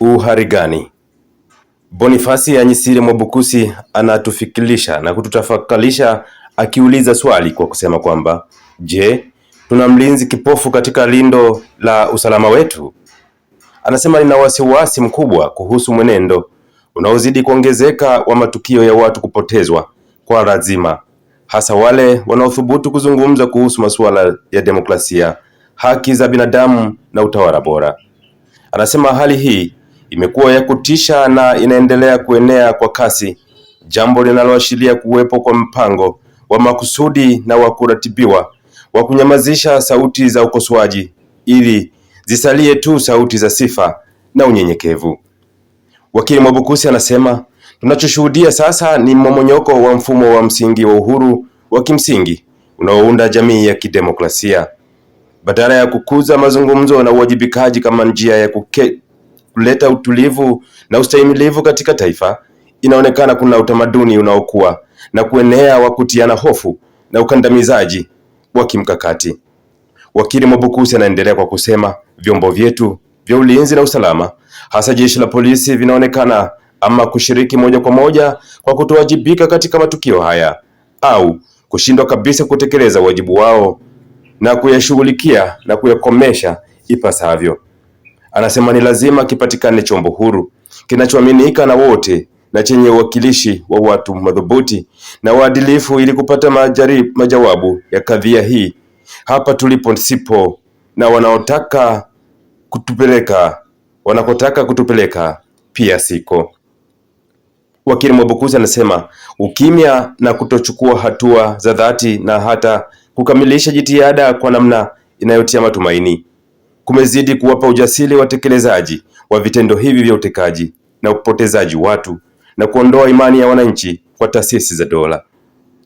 Uharigani? Bonifasi anyisire Mwabukusi anatufikilisha na kututafakalisha akiuliza swali kwa kusema kwamba je, tuna mlinzi kipofu katika lindo la usalama wetu? Anasema nina wasiwasi mkubwa kuhusu mwenendo unaozidi kuongezeka wa matukio ya watu kupotezwa kwa lazima, hasa wale wanaothubutu kuzungumza kuhusu masuala ya demokrasia, haki za binadamu na utawala bora. Anasema hali hii imekuwa ya kutisha na inaendelea kuenea kwa kasi, jambo linaloashiria kuwepo kwa mpango wa makusudi na wa kuratibiwa wa kunyamazisha sauti za ukosoaji ili zisalie tu sauti za sifa na unyenyekevu. Wakili Mwabukusi anasema tunachoshuhudia sasa ni mmomonyoko wa mfumo wa msingi wa uhuru wa kimsingi unaounda jamii ya kidemokrasia. Badala ya kukuza mazungumzo na uwajibikaji kama njia ya kuleta utulivu na ustahimilivu katika taifa, inaonekana kuna utamaduni unaokuwa na kuenea wa kutiana hofu na ukandamizaji wa kimkakati. Wakili Mwabukusi anaendelea kwa kusema, vyombo vyetu vya ulinzi na usalama, hasa jeshi la polisi, vinaonekana ama kushiriki moja kwa moja kwa kutowajibika katika matukio haya au kushindwa kabisa kutekeleza wajibu wao na kuyashughulikia na kuyakomesha ipasavyo. Anasema ni lazima kipatikane chombo huru kinachoaminika na wote na chenye uwakilishi wa watu madhubuti na waadilifu ili kupata majari, majawabu ya kadhia hii. Hapa tulipo sipo na wanaotaka kutupeleka wanakotaka kutupeleka pia siko. Wakili Mwabukusi anasema ukimya na kutochukua hatua za dhati na hata kukamilisha jitihada kwa namna inayotia matumaini kumezidi kuwapa ujasiri watekelezaji wa vitendo hivi vya utekaji na upotezaji watu na kuondoa imani ya wananchi kwa taasisi za dola.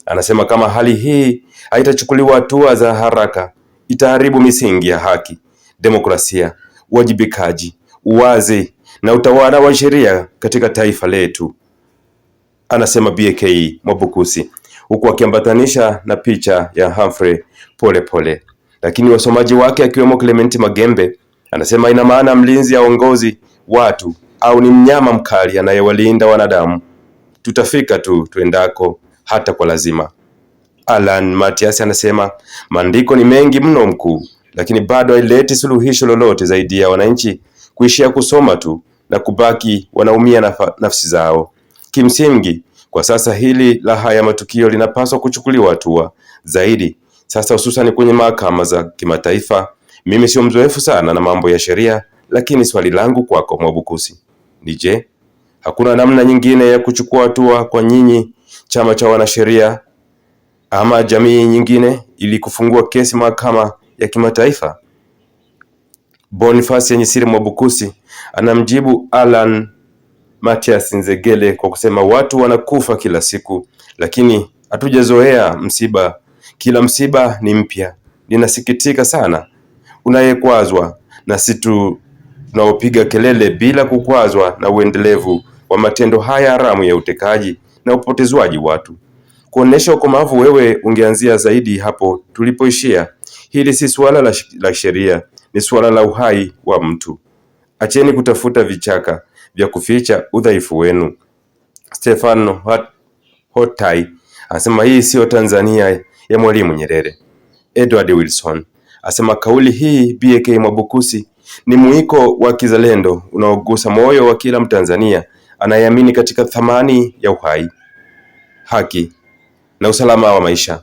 Anasema kama hali hii haitachukuliwa hatua za haraka, itaharibu misingi ya haki, demokrasia, uwajibikaji, uwazi na utawala wa sheria katika taifa letu, anasema BK Mwabukusi, huku akiambatanisha na picha ya Humphrey Polepole lakini wasomaji wake akiwemo Clement Magembe anasema ina maana mlinzi aongozi watu au ni mnyama mkali anayewalinda wanadamu. Tutafika tu tuendako, hata kwa lazima. Alan Matias anasema maandiko ni mengi mno mkuu, lakini bado haileti suluhisho lolote zaidi ya wananchi kuishia kusoma tu na kubaki wanaumia naf nafsi zao. Kimsingi, kwa sasa hili la haya matukio linapaswa kuchukuliwa hatua zaidi sasa hususan kwenye mahakama za kimataifa, mimi sio mzoefu sana na mambo ya sheria, lakini swali langu kwako Mwabukusi ni je, hakuna namna nyingine ya kuchukua hatua kwa nyinyi chama cha wanasheria ama jamii nyingine ili kufungua kesi mahakama ya kimataifa? Boniface Yenyesiri Mwabukusi anamjibu Alan Matias Nzegele kwa kusema watu wanakufa kila siku, lakini hatujazoea msiba kila msiba ni mpya. Ninasikitika sana unayekwazwa na si tu tunaopiga kelele bila kukwazwa na uendelevu wa matendo haya haramu ya utekaji na upotezwaji watu. Kuonesha ukomavu, wewe ungeanzia zaidi hapo tulipoishia. Hili si suala la, la sheria, ni suala la uhai wa mtu. Acheni kutafuta vichaka vya kuficha udhaifu wenu. Stefano Hotai anasema hii siyo Tanzania ya Mwalimu Nyerere. Edward Wilson asema kauli hii BK Mwabukusi ni mwiko wa kizalendo unaogusa moyo wa kila Mtanzania anayeamini katika thamani ya uhai, haki na usalama wa maisha.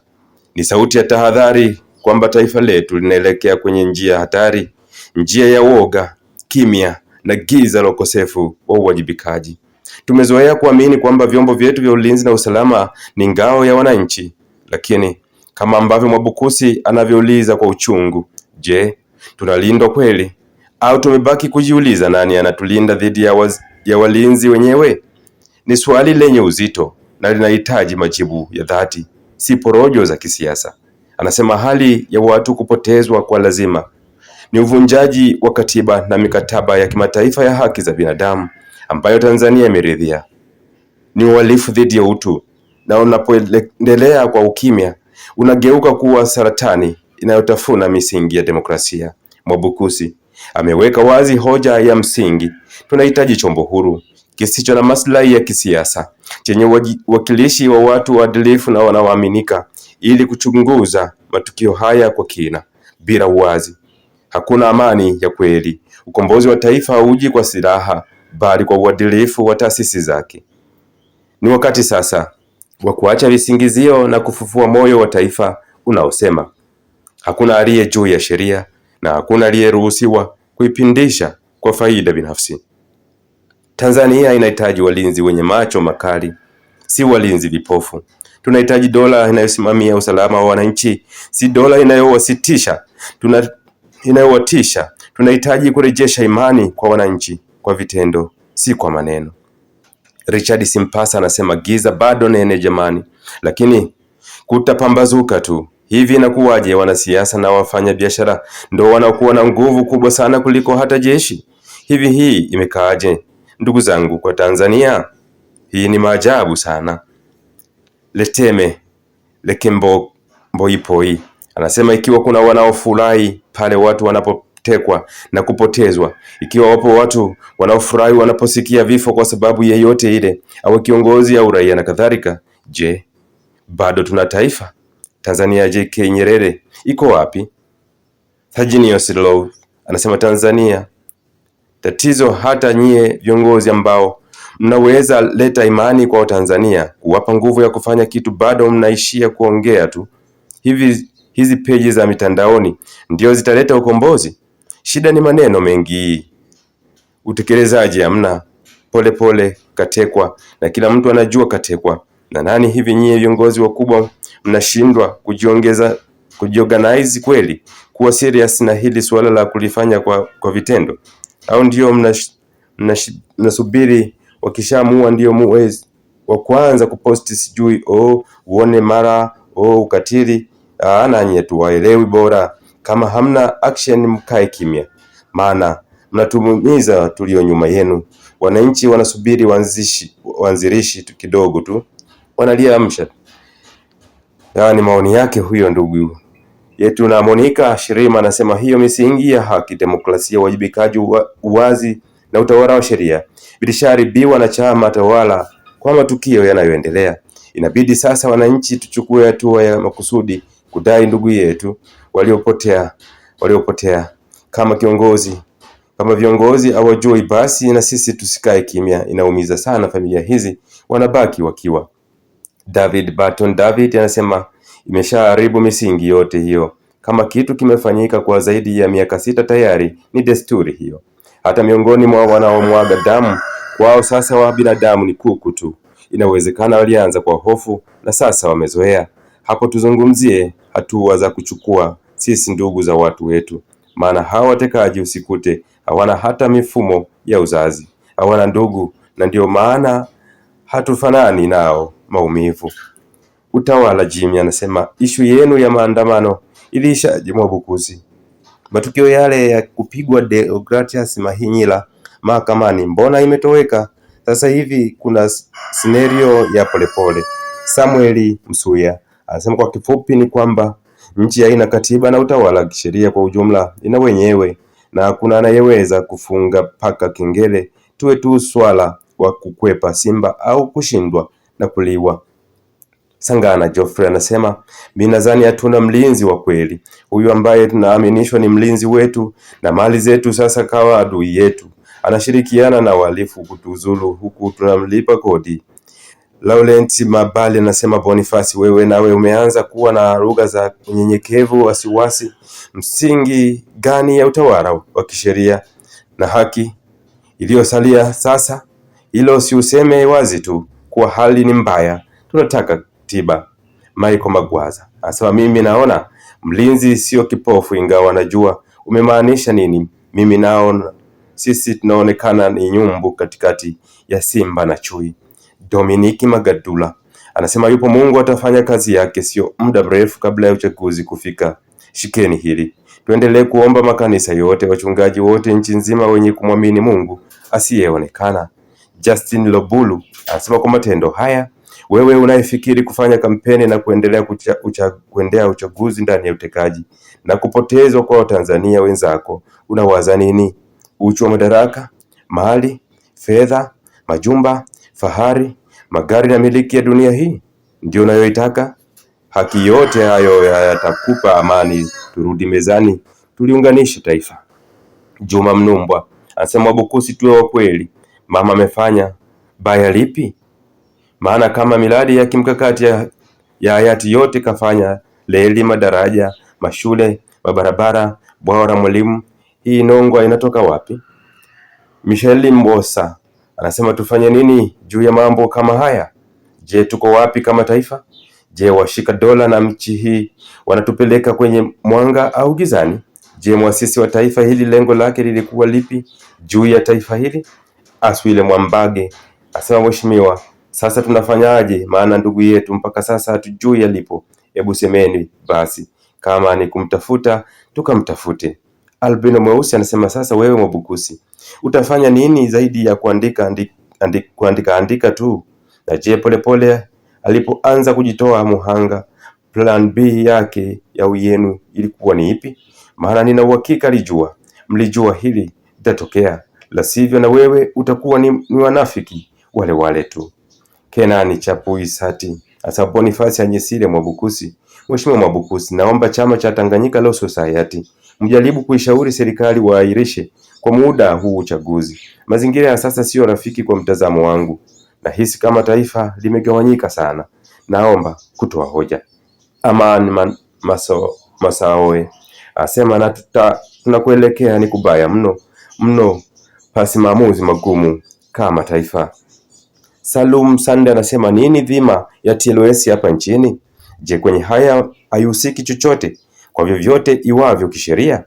Ni sauti ya tahadhari kwamba taifa letu linaelekea kwenye njia hatari, njia ya woga, kimya na giza la ukosefu wa uwajibikaji. Tumezoea kuamini kwamba vyombo vyetu vya ulinzi na usalama ni ngao ya wananchi, lakini kama ambavyo Mwabukusi anavyouliza kwa uchungu. Je, tunalindwa kweli au tumebaki kujiuliza nani anatulinda dhidi ya, waz... ya walinzi wenyewe? Ni swali lenye uzito na linahitaji majibu ya dhati, si porojo za kisiasa. Anasema hali ya watu kupotezwa kwa lazima ni uvunjaji wa katiba na mikataba ya kimataifa ya haki za binadamu ambayo Tanzania imeridhia. Ni uhalifu dhidi ya utu, na unapoendelea kwa ukimya, unageuka kuwa saratani inayotafuna misingi ya demokrasia. Mwabukusi ameweka wazi hoja ya msingi: tunahitaji chombo huru kisicho na maslahi ya kisiasa chenye uwakilishi wa watu waadilifu na wanaoaminika, ili kuchunguza matukio haya kwa kina. Bila uwazi hakuna amani ya kweli. Ukombozi wa taifa hauji kwa silaha, bali kwa uadilifu wa taasisi zake. Ni wakati sasa wa kuacha visingizio na kufufua moyo wa taifa unaosema hakuna aliye juu ya sheria na hakuna aliyeruhusiwa kuipindisha kwa faida binafsi. Tanzania inahitaji walinzi wenye macho makali, si walinzi vipofu. Tunahitaji dola inayosimamia usalama wa wananchi, si dola inayowasitisha tuna inayowatisha. Tunahitaji kurejesha imani kwa wananchi kwa vitendo, si kwa maneno. Richard Simpasa anasema giza bado nene jamani, lakini kutapambazuka tu. Hivi inakuwaje wanasiasa na wafanya biashara ndo wanaokuwa na nguvu kubwa sana kuliko hata jeshi? Hivi hii imekaaje ndugu zangu kwa Tanzania? Hii ni maajabu sana. Leteme Lekemboipoi anasema ikiwa kuna wanaofurahi pale watu wanapo kutekwa na kupotezwa. Ikiwa wapo watu wanaofurahi wanaposikia vifo kwa sababu yeyote ile, awe kiongozi au raia na kadhalika, je, bado tuna taifa Tanzania JK Nyerere iko wapi? Thajinius Low anasema Tanzania tatizo, hata nyie viongozi ambao mnaweza leta imani kwa Watanzania, kuwapa nguvu ya kufanya kitu, bado mnaishia kuongea tu. Hivi hizi peji za mitandaoni ndio zitaleta ukombozi? Shida ni maneno mengi, utekelezaji hamna. Polepole katekwa, na kila mtu anajua katekwa na nani. Hivi nyie viongozi wakubwa mnashindwa kujiongeza kujiorganize kweli, kuwa serious na hili suala la kulifanya kwa, kwa vitendo, au ndio mnasubiri mna, mna ndio muwe eh, wa kwanza kuposti sijui, oh, uone mara oh, ukatili. Ah, nanyi tuwaelewi bora. Kama hamna action, mkae kimya, maana mnatumumiza tulio nyuma yenu. Wananchi wanasubiri wanzishi, wanzirishi kidogo tu, wanaliamsha. ni maoni yake huyo ndugu yetu na Monica Shirima anasema hiyo misingi ya haki, demokrasia, uwajibikaji, uwazi na utawala wa sheria vilishaharibiwa na chama tawala kwa matukio yanayoendelea. Inabidi sasa wananchi tuchukue hatua ya makusudi kudai ndugu yetu waliopotea waliopotea. Kama kiongozi kama viongozi hawajui, basi na sisi tusikae kimya. Inaumiza sana familia hizi, wanabaki wakiwa. David Barton David anasema imeshaharibu misingi yote hiyo. Kama kitu kimefanyika kwa zaidi ya miaka sita tayari, ni desturi hiyo. Hata miongoni mwa wanaomwaga damu kwao, sasa wa binadamu ni kuku tu. Inawezekana walianza kwa hofu na sasa wamezoea. Hapo tuzungumzie hatua za kuchukua sisi ndugu za watu wetu, maana hawa watekaji usikute hawana hata mifumo ya uzazi, hawana ndugu, na ndio maana hatufanani nao. Maumivu. Utawala Jimmy anasema ishu yenu ya maandamano iliishaje Mwabukusi? Matukio yale ya kupigwa Deogratias Mahinyila mahakamani mbona imetoweka? Sasa hivi kuna scenario ya polepole. Samueli Msuya anasema kwa kifupi ni kwamba Nchi haina katiba na utawala wa kisheria kwa ujumla, ina wenyewe na hakuna anayeweza kufunga paka kengele, tuwe tu swala wa kukwepa simba au kushindwa na kuliwa. Sangana Geoffrey anasema mi nadhani hatuna mlinzi wa kweli. Huyu ambaye tunaaminishwa ni mlinzi wetu na mali zetu, sasa kawa adui yetu, anashirikiana na wahalifu kutuzulu, huku tunamlipa kodi. Laurent Mabali anasema Bonifasi, wewe nawe umeanza kuwa na lugha za unyenyekevu, wasiwasi. Msingi gani ya utawala wa kisheria na haki iliyosalia sasa? Hilo si useme wazi tu kuwa hali ni mbaya, tunataka tiba. Michael Magwaza anasema mimi naona mlinzi sio kipofu, ingawa najua umemaanisha nini. Mimi naona sisi tunaonekana ni nyumbu katikati ya simba na chui. Dominiki Magadula anasema yupo Mungu atafanya kazi yake, sio muda mrefu kabla ya uchaguzi kufika. Shikeni hili, tuendelee kuomba makanisa yote, wachungaji wote nchi nzima wenye kumwamini Mungu asiyeonekana. Justin Lobulu anasema kwa matendo haya, wewe unayefikiri kufanya kampeni na kuendelea kucha, ucha, kuendea uchaguzi ndani ya utekaji na kupotezwa kwa Watanzania wenzako unawaza nini? Uchu wa madaraka, mali, fedha, majumba fahari, magari na miliki ya dunia hii ndio unayoitaka? Haki yote hayo yatakupa amani. Turudi mezani, tuliunganishe taifa. Juma Mnumbwa anasema Wabukusi, tuwe wa kweli. Mama amefanya baya lipi? Maana kama miradi ya kimkakati ya, ya hayati yote kafanya, leli madaraja, mashule, mabarabara, bwawa la mwalimu, hii nongwa inatoka wapi? Michelle Mbosa Anasema tufanye nini juu ya mambo kama haya? Je, tuko wapi kama taifa? Je, washika dola na mchi hii wanatupeleka kwenye mwanga au gizani? Je, mwasisi wa taifa hili lengo lake lilikuwa lipi juu ya taifa hili? Aswile Mwambage asema mheshimiwa, sasa tunafanyaje? Maana ndugu yetu mpaka sasa hatujui yalipo. Hebu semeni basi, kama ni kumtafuta tukamtafute. Albino Mweusi anasema sasa, wewe Mwabukusi, Utafanya nini zaidi ya kuandika andika, andika, kuandika andika tu? Na je, Polepole alipoanza kujitoa muhanga, plan B yake ya uyenu ilikuwa ni ipi? Maana nina uhakika alijua, mlijua hili litatokea, la sivyo na wewe utakuwa ni, ni wanafiki wale wale tu. Kenani Chapui Sati hasa Bonifasi Anyesile Mwabukusi. Mheshimiwa Mwabukusi, naomba chama cha Tanganyika Law Society mjaribu kuishauri serikali waahirishe kwa muda huu uchaguzi. Mazingira ya sasa siyo rafiki kwa mtazamo wangu. Nahisi kama taifa limegawanyika sana. Naomba kutoa hoja. Aman Masaoe asema na tuta, tunakuelekea ni kubaya mno mno, pasi maamuzi magumu kama taifa. Salum Sande anasema nini dhima ya TLS hapa nchini? Je, kwenye haya haihusiki chochote? kwa vyovyote iwavyo kisheria.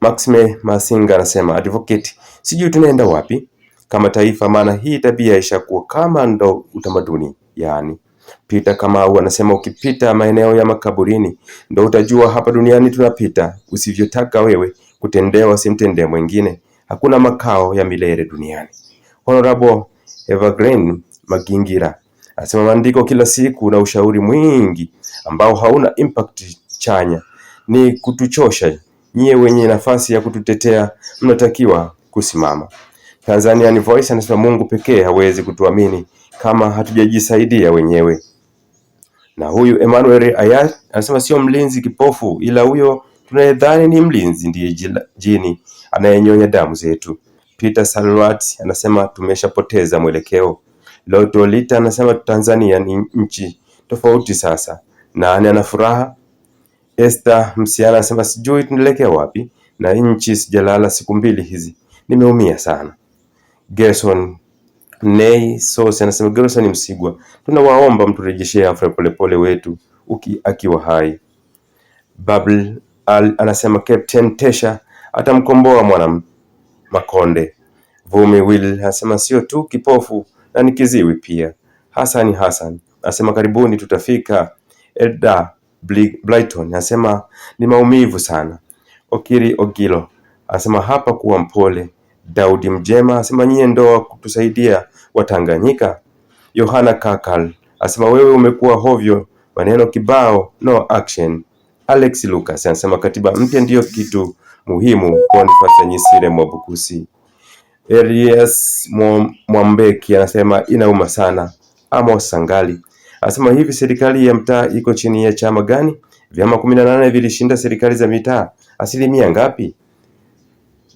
Maxime Masinga anasema advocate, sijui tunaenda wapi kama taifa, maana hii tabia ishakuwa kama ndo utamaduni. yani Peter Kamau anasema ukipita maeneo ya makaburini ndo utajua hapa duniani tunapita. Usivyotaka wewe kutendewa, simtendee mwingine. Hakuna makao ya milele duniani. Honorable Evergreen Magingira anasema maandiko kila siku na ushauri mwingi ambao hauna impact chanya ni kutuchosha. Nyie wenye nafasi ya kututetea mnatakiwa kusimama. Tanzanian Voice anasema Mungu pekee hawezi kutuamini kama hatujajisaidia wenyewe. Na huyu Emmanuel Ayat anasema sio mlinzi kipofu, ila huyo tunayedhani ni mlinzi ndiye jini anayenyonya damu zetu. Peter Salwat anasema tumeshapoteza mwelekeo. Lotolita anasema Tanzania ni nchi tofauti sasa, na ana furaha Esther Msiana anasema sijui tunaelekea wapi na nchi, sijalala siku mbili hizi, nimeumia sana. Gerson Nei Sosi anasema Gerson Msigwa, tunawaomba mturejeshee Afra Polepole wetu uki akiwa hai. Babel al, anasema Captain Tesha atamkomboa mwana Makonde. Vumi Will anasema sio tu kipofu na ni kiziwi pia. Hassan Hassan anasema karibuni, tutafika. Edda Blyton anasema ni maumivu sana. Okiri Ogilo anasema hapa kuwa mpole. Daudi Mjema anasema nyie ndoa kutusaidia Watanganyika. Yohana Kakal anasema wewe umekuwa hovyo, maneno kibao, no action. Alex Lucas anasema katiba mpya ndiyo kitu muhimu. Boniface Nyisire Mwabukusi. Elias Mwambeki anasema inauma sana. Amos Sangali Asema hivi, serikali ya mtaa iko chini ya chama gani? Vyama kumi na nane vilishinda serikali za mitaa asilimia ngapi?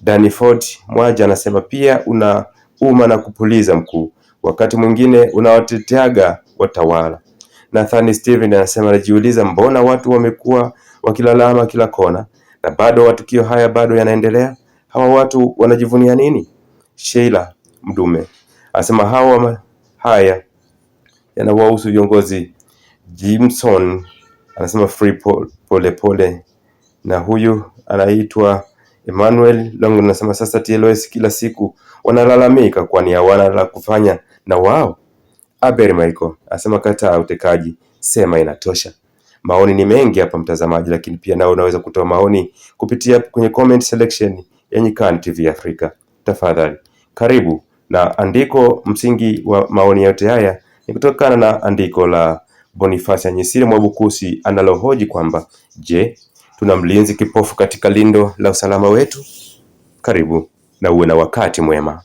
Daniford Mwaja anasema pia una uma na kupuliza mkuu, wakati mwingine unawateteaga watawala. Nathani Steven anasema anajiuliza, mbona watu wamekuwa wakilalama kila kona na bado matukio haya bado yanaendelea? Hawa watu wanajivunia nini? Sheila Mdume asema hawa haya yanawahusu viongozi. Jimson anasema free polepole pole. Na huyu anaitwa Emmanuel Long anasema sasa TLS kila siku wanalalamika kwani hawana la kufanya na wao. Abel Michael anasema kataa utekaji, sema inatosha. Maoni ni mengi hapa mtazamaji, lakini pia nao unaweza kutoa maoni kupitia kwenye comment selection ya Nyikani TV Afrika. Tafadhali karibu na andiko msingi wa maoni yote haya ni kutokana na andiko la Bonifasi Anyisire Mwabukusi analohoji kwamba je, tuna mlinzi kipofu katika lindo la usalama wetu? Karibu na uwe na wakati mwema.